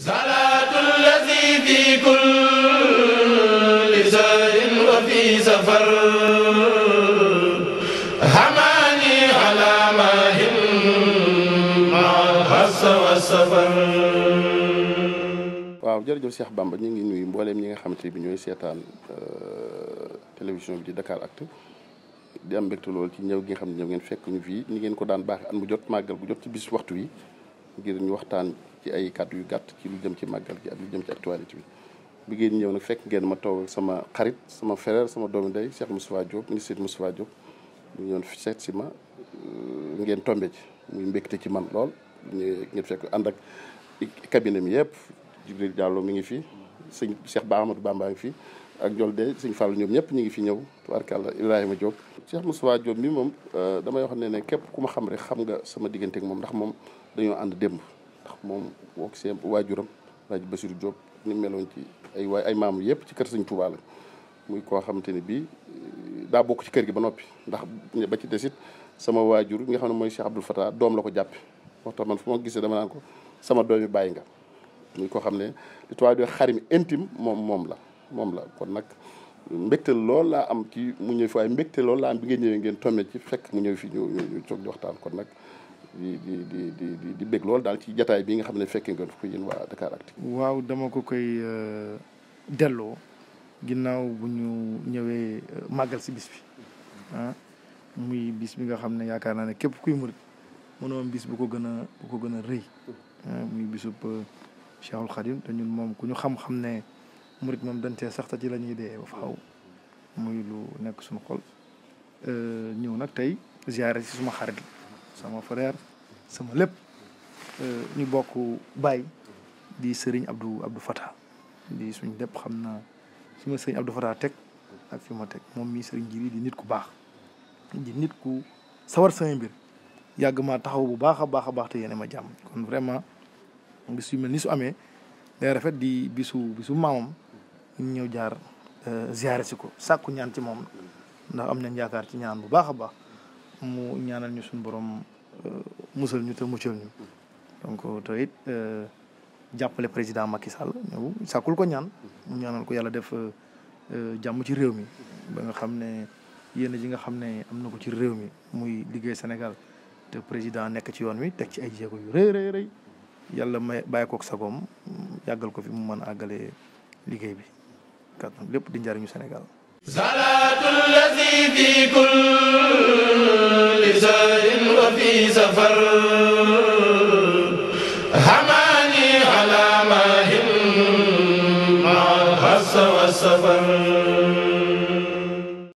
waaw jërëjëf Cheikh Bamba ñu ngi nuyu mbooleem ñi nga xamante ne ñu ñooy seetaan euh, télévision bi di Dakaractu di am mbégte loolu ci ñëw gi nga xam ne ñëw ngeen fekk ñu fii ko daan baax at mu jot màggal bu jot ci bis waxtu wi ngir ñu waxtaan ci ay kàddu yu gàtt ci lu jëm ci màggal gi ak lu jëm ci actualité bi bi ngeen ñëw nag fekk ngeen ma toog sama xarit sama frère sama doomi day Cheikh Moustapha Diop ministre Moustapha Diop ñu ñëwoon seet si ma euh, ngeen tombe ci muy mbégte ci man lool ñu fekk ànd ak cabinet mi yëpp Jibril Diallo mi ngi fi sëñ Cheikh Ba Amadou ngi fi ak Jolde Sëñ Fall ñoom ñëpp ñu ngi fi ñëw tubaarkàlla Ibrahima Diop. Cheikh Moustapha Diop mi moom euh, damay wax ne ne képp ku ma xam rek xam nga sama digganteek moom ndax moom dañoo ànd démb ndax moom boo ko seen waajuram laaj Basiru Diop ni meloon ci ay waay ay maam yëpp ci kër Sëñ Touba muy koo xamante ni bii euh, daa bokk ci kër gi ba noppi ndax ba ci desit sama waajur nga xam ne mooy Cheikh Abdoul Fatah doom la ko jàppe moo tax man ma gisee dama naan ko sama doom yi bàyyi nga muy koo xam ne li tubaab di xarim moom moom la moom la kon nag mbégte lool laa am ci mu ñëw fi waaye mbégte lool laa am bi nga ñëwee ngeen tombé ci fekk mu ñëw fi ñu ñu soog di waxtaan kon nag di di di di lool daal ci jataay bii nga xam ne fekkee ngeen ko yéen waa Dakaractu waaw dama ko koy euh, delloo ginnaaw bu ñu ñëwee euh, màggal si bis bi ah, muy bis bi nga xam ne yaakaar naa ne képp kuy mu mënoo am bis bu ko gën a bu ko gën a rëy ah, muy bisub euh, Cheikhul Khadim te ñun moom ku ñu xam-xam ne murit moom dañ sax te ci la ñuy dee ba faaw muy lu nekk suñu xol euh, ñëw nag tey ziare si suma xarit sama frère sama lépp euh, ñu bokk baay di sëriñ Abdou Abdou Fata di suñ lépp xam na suma ma sëriñ Abdou Fata teg ak fi ma teg moom mii sëriñ ji di nit ku baax di nit ku sawar sama mbir yàgg maa taxaw bu baax a baax a baax te yéene ma jàmm kon vraiment bis su mel ni su amee day rafet di bisu bisu maamam ñu ñëw jaar euh, ziare si ko sàkku ñaan ci moom ndax am nañ yaakaar ci ñaan bu baax a baax mu ñaanal ñu suñu borom euh, musal ñu te muccal ñu donc te it euh, jàppale président Macky Sall sàkkul ko ñaan mu ñaanal ko yàlla def jàmm ci réew mi ba nga xam ne yéen ji nga xam ne am na ko ci réew mi muy liggéey Sénégal te président nekk ci yoon wi teg ci ay jéego yu rëy rëy rëy yàlla may bàyyi koog sagoom yàggal ko fi mu mën a àggale liggéey bi kàttan lépp di njariñu Sénégal salaatul lazi fi kulli sahrin wa fi safar hamaani ala maahin ma al hassa wa safar